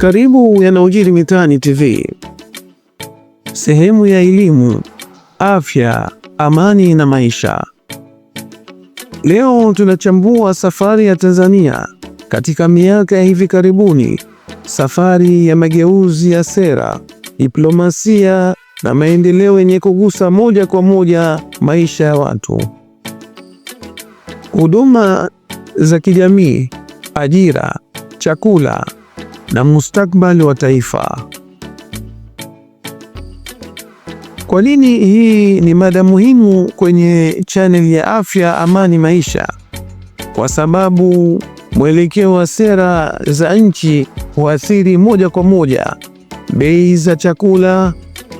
Karibu yanayojiri mitaani TV, sehemu ya elimu, afya, amani na maisha. Leo tunachambua safari ya Tanzania katika miaka ya hivi karibuni, safari ya mageuzi ya sera, diplomasia na maendeleo yenye kugusa moja kwa moja maisha ya watu. Huduma za kijamii, ajira, chakula na mustakbali wa taifa. Kwa nini hii ni mada muhimu kwenye channel ya Afya Amani Maisha? Kwa sababu mwelekeo wa sera za nchi huathiri moja kwa moja bei za chakula,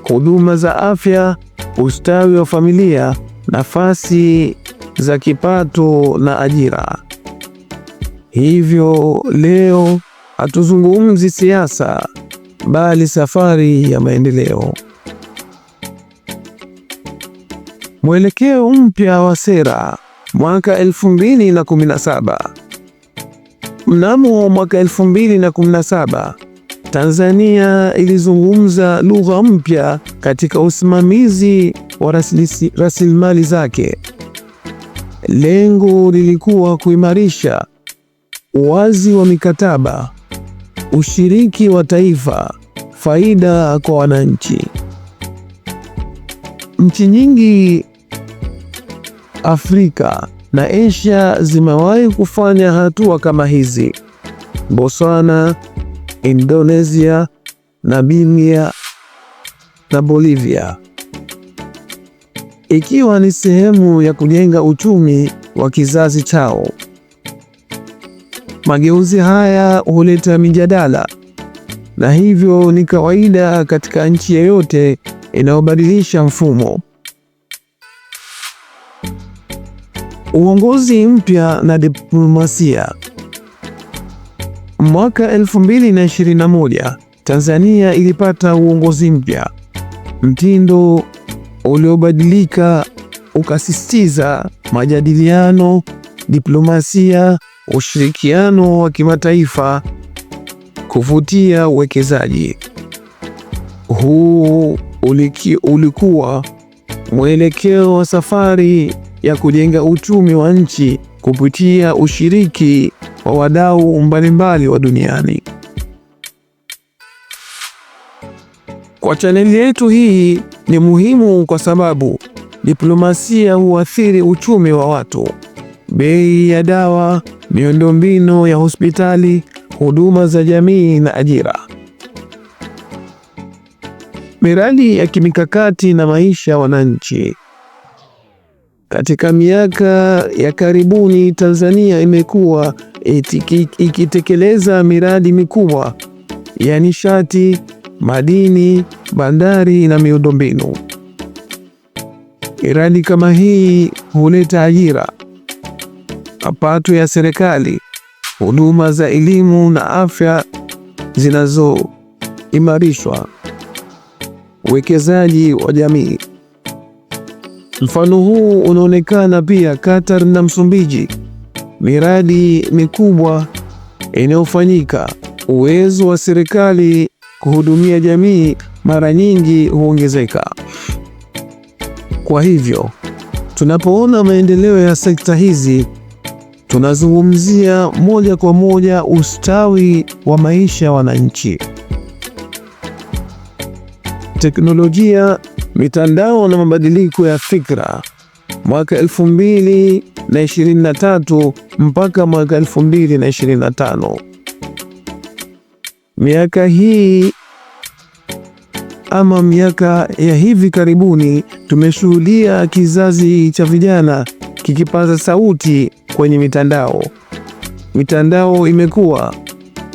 huduma za afya, ustawi wa familia, nafasi za kipato na ajira. Hivyo leo hatuzungumzi siasa, bali safari ya maendeleo. Mwelekeo mpya wa sera mwaka 2017. Mnamo mwaka 2017 Tanzania ilizungumza lugha mpya katika usimamizi wa rasilimali zake. Lengo lilikuwa kuimarisha uwazi wa mikataba, Ushiriki wa taifa, faida kwa wananchi. Nchi nyingi Afrika na Asia zimewahi kufanya hatua kama hizi. Botswana, Indonesia, Namibia na Bolivia, ikiwa ni sehemu ya kujenga uchumi wa kizazi chao. Mageuzi haya huleta mijadala na hivyo ni kawaida katika nchi yoyote inayobadilisha mfumo. Uongozi mpya na diplomasia. Mwaka 2021 Tanzania ilipata uongozi mpya, mtindo uliobadilika ukasisitiza majadiliano, diplomasia ushirikiano wa kimataifa kuvutia uwekezaji. Huu ulikuwa mwelekeo wa safari ya kujenga uchumi wa nchi kupitia ushiriki wa wadau mbalimbali wa duniani. Kwa chaneli yetu hii ni muhimu kwa sababu diplomasia huathiri uchumi wa watu, bei ya dawa miundombinu ya hospitali, huduma za jamii na ajira. Miradi ya kimikakati na maisha ya wananchi. Katika miaka ya karibuni, Tanzania imekuwa ikitekeleza miradi mikubwa ya nishati, madini, bandari na miundombinu. Miradi kama hii huleta ajira mapato ya serikali, huduma za elimu na afya zinazoimarishwa, uwekezaji wa jamii. Mfano huu unaonekana pia Qatar na Msumbiji. Miradi mikubwa inayofanyika, uwezo wa serikali kuhudumia jamii mara nyingi huongezeka. Kwa hivyo tunapoona maendeleo ya sekta hizi Tunazungumzia moja kwa moja ustawi wa maisha ya wananchi. Teknolojia, mitandao na mabadiliko ya fikra. Mwaka 2023 mpaka mwaka 2025, miaka hii ama miaka ya hivi karibuni, tumeshuhudia kizazi cha vijana kikipaza sauti kwenye mitandao. Mitandao imekuwa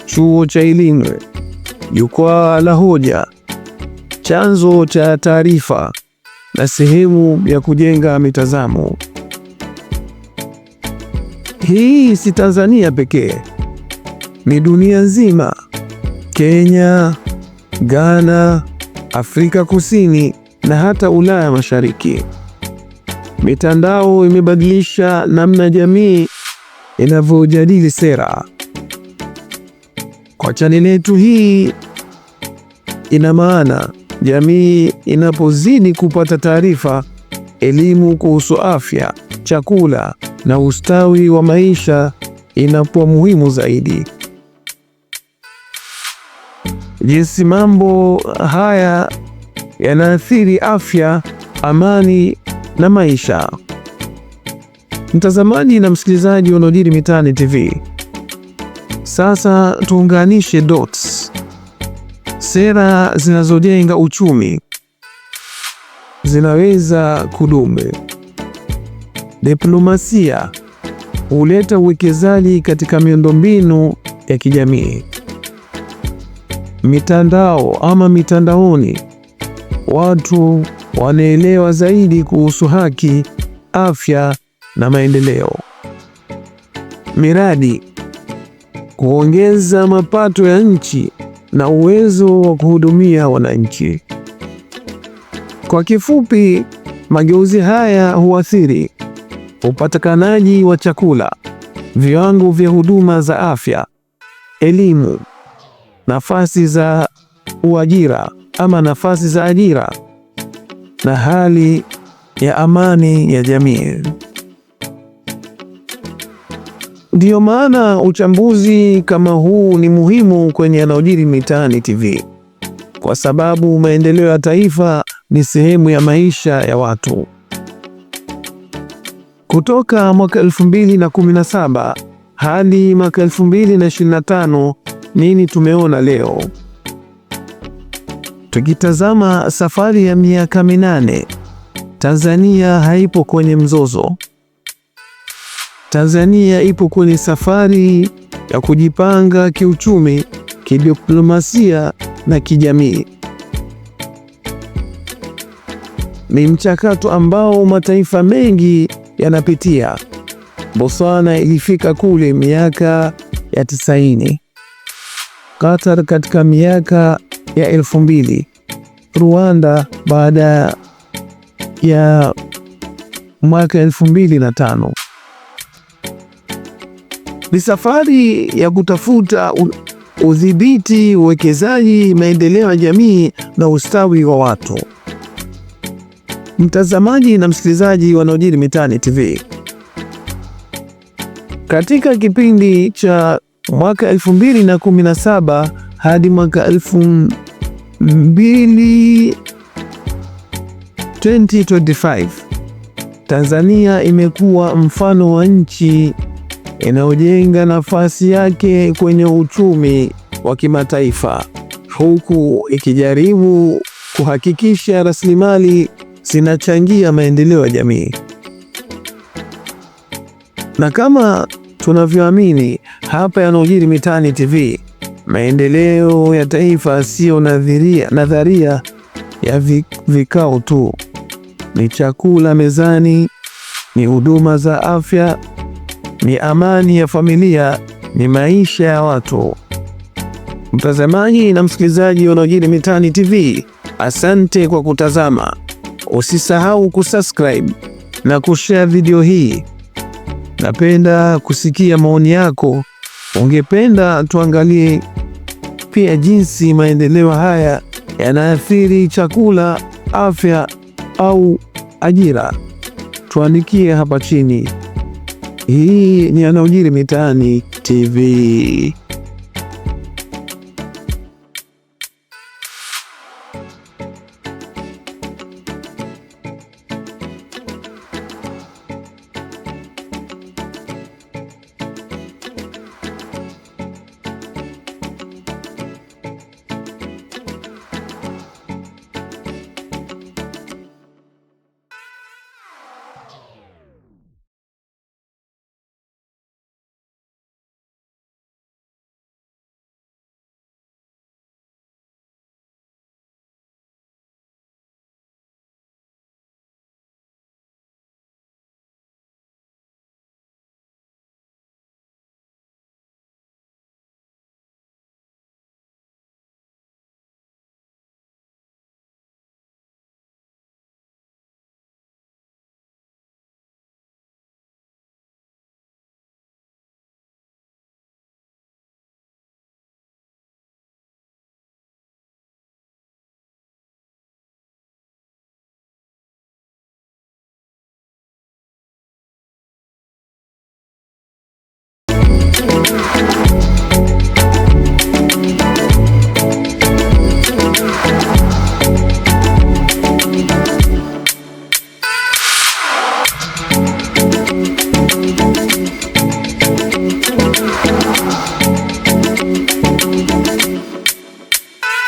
chuo cha elimu, jukwaa la hoja, chanzo cha taarifa na sehemu ya kujenga mitazamo. Hii si Tanzania pekee, ni dunia nzima. Kenya, Ghana, Afrika Kusini na hata Ulaya Mashariki. Mitandao imebadilisha namna jamii inavyojadili sera. Kwa chaneli yetu hii, ina maana jamii inapozidi kupata taarifa, elimu kuhusu afya, chakula na ustawi wa maisha inakuwa muhimu zaidi. Jinsi mambo haya yanaathiri afya, amani na maisha. Mtazamaji na msikilizaji wanaojiri mitaani TV, sasa tuunganishe dots. Sera zinazojenga uchumi zinaweza kudumu. Diplomasia huleta uwekezaji katika miundombinu ya kijamii. Mitandao ama mitandaoni, watu wanaelewa zaidi kuhusu haki, afya na maendeleo. Miradi kuongeza mapato ya nchi na uwezo wa kuhudumia wananchi. Kwa kifupi, mageuzi haya huathiri upatikanaji wa chakula, viwango vya huduma za afya, elimu, nafasi za uajira ama nafasi za ajira na hali ya amani ya jamii. Ndiyo maana uchambuzi kama huu ni muhimu kwenye yanayojiri mitaani TV, kwa sababu maendeleo ya taifa ni sehemu ya maisha ya watu. Kutoka mwaka 2017 hadi mwaka 2025, nini tumeona leo? Tukitazama safari ya miaka minane, Tanzania haipo kwenye mzozo. Tanzania ipo kwenye safari ya kujipanga kiuchumi, kidiplomasia na kijamii. Ni mchakato ambao mataifa mengi yanapitia. Botswana ilifika kule miaka ya 90, Qatar katika miaka ya elfu mbili Rwanda baada ya mwaka elfu mbili na tano. Ni safari ya kutafuta udhibiti, uwekezaji, maendeleo ya jamii na ustawi wa watu. Mtazamaji na msikilizaji yanayojiri mitaani TV, katika kipindi cha mwaka 2017 hadi mwaka elfu mbili 2025 Tanzania imekuwa mfano wa nchi inayojenga nafasi yake kwenye uchumi wa kimataifa huku ikijaribu kuhakikisha rasilimali zinachangia maendeleo ya jamii. Na kama tunavyoamini hapa yanayojiri mitaani TV Maendeleo ya taifa sio nadharia, nadharia ya vikao tu, ni chakula mezani, ni huduma za afya, ni amani ya familia, ni maisha ya watu. Mtazamaji na msikilizaji yanayojiri mitaani TV, asante kwa kutazama. Usisahau kusubscribe na kushare video hii. Napenda kusikia maoni yako Ungependa tuangalie pia jinsi maendeleo haya yanaathiri chakula, afya au ajira? Tuandikie hapa chini. Hii ni yanayojiri mitaani TV.